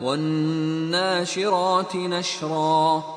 وَالنَّاشِرَاتِ نَشْرًا